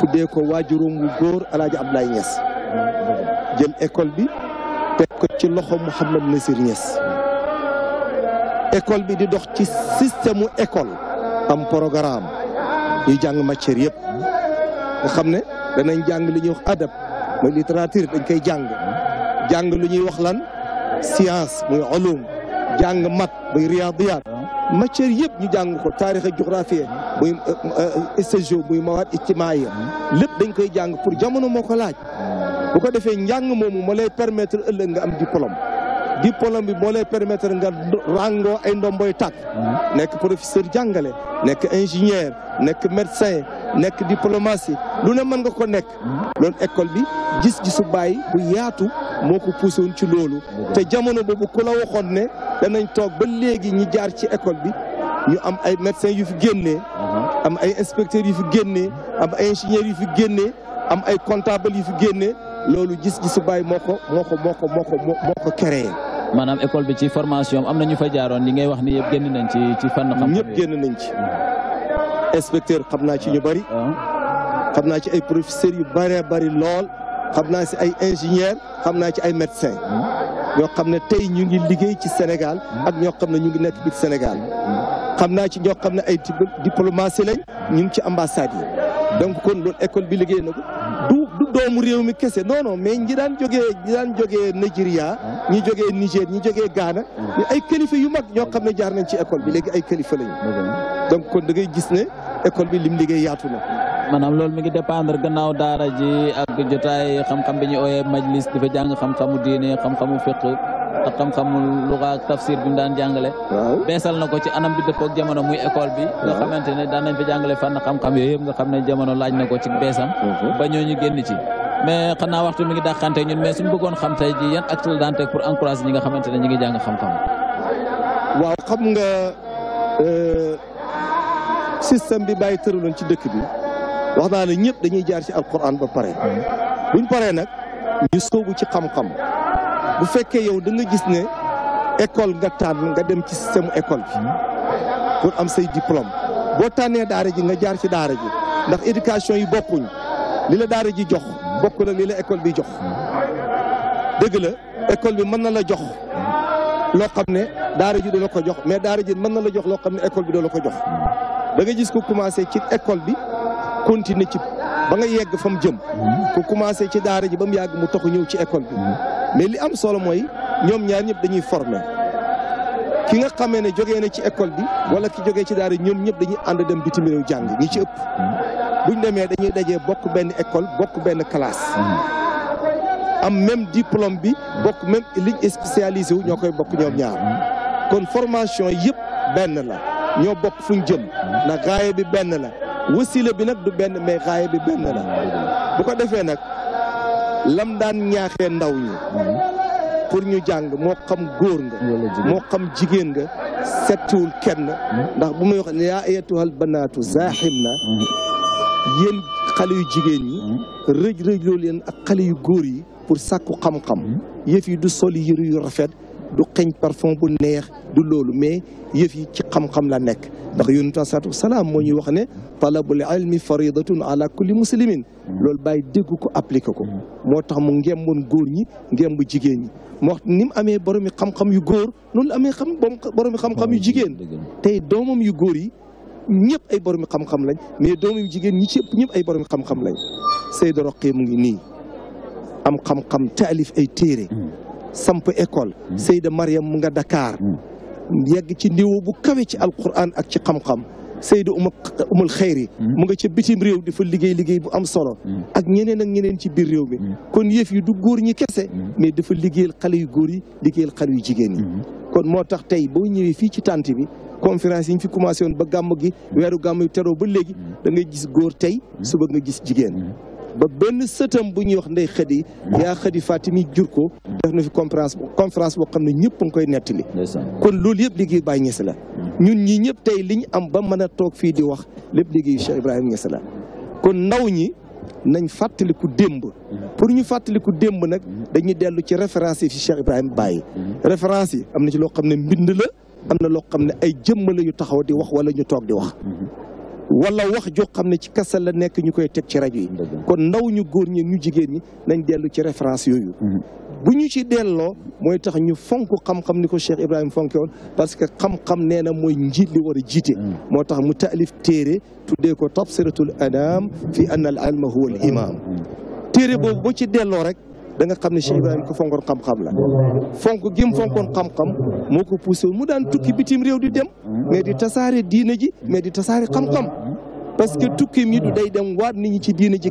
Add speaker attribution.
Speaker 1: tuddee ko waajuróom wu góor alaaji lay Niass jël école bi teg ko ci loxo Mouhamed Nasir Niass école bi di dox ci système mu école am programme yu jàng matière yëpp ne danañ jàng li ñuy wax adab mooy littérature dañ koy jàng jàng lu ñuy wax lan science muy ulum jàng mat muy riyadiyat matière yëpp ñu jàng ko taarix a géographie muy euh, euh, sgo muy mawaat ya lépp dañ koy jàng pour jamono moo ko laaj bu ko defee njàng moomu moo lay permettre ëllëg nga am diplôme diplôme bi moo lay permettre nga ràngoo ay ndomboy tàkk nekk professeur jàngale nekk ingénieur nekk médecin nekk diplomatie lu ne mën nga ko nekk loolu école bi gis-gisu bàyyi bu yaatu moo ko poussé ci loolu te jamono boobu ku la waxoon ne danañ toog ba léegi ñi jaar ci école bi ñu am ay médecins yu fi génnee am ay inspecteurs yu fi génnee am ay ingénieurs yu fi génnee am ay comptables yu fi génnee loolu gis gis Baye moko moko moko moko moko créé. manam école bi ci formation am nañu ñu fa jaaroon li ngay wax ni yëpp génn nañ ci ci fànn. xam-xam ñëpp génn nañ ci. inspecteur xamna ci ñu bari. Ah. xamna ci ay professeurs yu bari bari lol xamna ci ay ingénieurs xamna ci ay médecins. Ah. ñoo xam tay ñu ngi liggéey ci Sénégal ak ñoo xam ñu ngi nekk biir Sénégal. Ah. xam naa ci ñoo xam ne ay diplomatie lañ ñu ngi ci ambassade yi donc kon loolu école bi liggéey na ko du du réew mi kese non mais ñi daan jógee ñi daan jógee Nigeria ñi jógee Niger ñi jógee gaana ay kilifa yu mag ñoo xam ne jaar nañ ci école bi léegi ay kilifa lañu donc kon da ngay gis ne école bi lim liggéey yaatu na maanaam loolu mi ngi dépendre gannaaw daar ji ak jotaay xam-xam bi ñu ooyee majlis di fa jàng xam-xamu diine xam-xamu fiq ak xam-xamul luga ak tafsir bi mu daan jàngale beesal na ko ci anam bi dëppoo ak jamono muy école bi nga xamante ne daan nañ fa jàngale fànn xam-xam yooyu yëpp nga xam ne jamono laaj na ko ci beesam uh-huh. ba ñooñu génn ci mais xanaa waxtu mi ngi dàqante ñun mais suñu bëggoon xam tey ji yan acte la daan teg pour encourager ñi nga xamante ne ñi ngi jàng xam-xam waaw xam nga euh, système bi bàyyi tëraloon ci dëkk bi wax naa ne ñëpp dañuy jaar ci alquran ba pare buñ paree nag ñu ci xam bu fekkee yow da nga gis ne école nga tànn nga dem ci système école bi pour am say diplôme boo tànnee daara ji nga jaar ci daara ji ndax éducation yi bokkuñ li la daara ji jox bokk na li la école bi jox dëgg la école bi mën na la jox loo xam ne daara ji doo la ko jox mais daara ji mën na la jox loo xam ne école bi doo la ko jox da nga gis ku commencé ci école bi continuer ci ba nga yegg fa mu jëm ku commencé ci daara ji ba mu yàgg mu taxu ñëw ci école bi mais li am solo mooy ñoom ñaar ñëpp dañuy former ki nga xamee ne jógee na ci école bi wala ki jógee ci daar yi ñoom ñëpp dañuy ànd dem bitim réew jàng ñi ci ëpp buñ demee dañuy dajee bokk benn école bokk benn classe am même diplôme bi bokk même ligne spécialisé wu ñoo koy bokk ñoom ñaar kon formation yëpp benn la ñoo bokk fuñ jëm ndax gaaya bi benn la wasila bi nag du benn mais gaaya bi benn la bu ko defee nag lam daan ñaaxee ndaw ñi pour ñu jàng moo xam góor nga moo xam jigéen nga settiwul kenn ndax bu may wax ne yaa ayatuhal banaatu zaaxim na yéen xale yu jigéen ñi rëj rëj loolu yéen ak xale yu góor yi pour sàkku xam-xam mm-hmm. yëf yi du sol yëru yu rafet du xeeñ parfum bu neex du loolu mais yëf yi ci xam-xam la nekk ndax yonent bi salaatu wasalaam moo ñuy wax ne talabul ilmi faridatun ala kulli muslimin loolu bàyyi dégg ko appliqué ko moo tax mu ngemboon góor ñi ngemb jigéen ñi moo wax ni mu amee borom i xam-xam yu góor noonu la amee xam borom i xam-xam yu jigéen tey doomam yu góor yi ñëpp ay borom i xam-xam lañ mais doomam yu jigéen ñi ci ëpp ñëpp ay borom i xam-xam lañ Seyda Roqee mu ngi nii am xam-xam ay téere hmm. samp école hmm. Seyda Mariam mu nga dakaar hmm. yegg ci niveau bu kawe ci alquran ak ci xam-xam Seyda Uma Umul Xayri hmm. mu nga ca bitim réew di fa liggéey liggéey bu am solo ak ñeneen ak ñeneen ci biir réew mi kon yëf yi du góor ñi kese mais dafa liggéeyal xale yu góor yi liggéeyal xale yu jigéen yi kon moo tax tey boo ñëwee fii ci tànt bi conférence yi ñu fi commencé woon ba gàmm gi weeru gàmm yu teroo ba léegi dangay gis góor tey suba nga gis jigéen ba benn sëtam bu ñuy wax ndey xadi yaa xadi Fatimi jur ko def na fi conférence conférence boo xam ne ñëpp nga koy nettali kon loolu yëpp liggéey Baye Niass la hmm. ñun ñi ñëpp tey liñ am ba mën a toog fii di wax lépp liggéey Cheikh Ibrahima Niass la kon ndaw ñi nañ fàttaliku démb hmm. pour ñu fàttaliku démb nag hmm. dañuy dellu ci référence yi fi Cheikh Ibrahima bàyyi référence yi am na ci loo xam ne mbind la am na loo xam ne ay jëmm la yu taxaw di wax wala ñu toog di wax wala wax joo xam ne ci kasa la nekk ñu koy teg ci rajo yi kon ndaw ñu góor ñi ñu jigéen ñi nañ dellu ci référence yooyu mhm. bu ñu ci delloo mooy tax ñu fonk xam-xam ni ko Cheikh Ibrahima fonke woon parce que xam-xam nee na mooy njiit li war a jiite mhm. moo tax mu taalif téere tuddee ko tabsiratul anam fi anna al ilma huwa al imam mhm. téere boobu boo ci delloo rek da nga xam ne Cheikh Ibrahima ko fonkoon xam-xam la fonk gim fonkoon xam-xam moo ko poussé mu daan tukki bitim réew di dem mais di tasaare diine ji mais di tasaare xam-xam parce que tukki mi du day dem waat nit ñi ci diine ji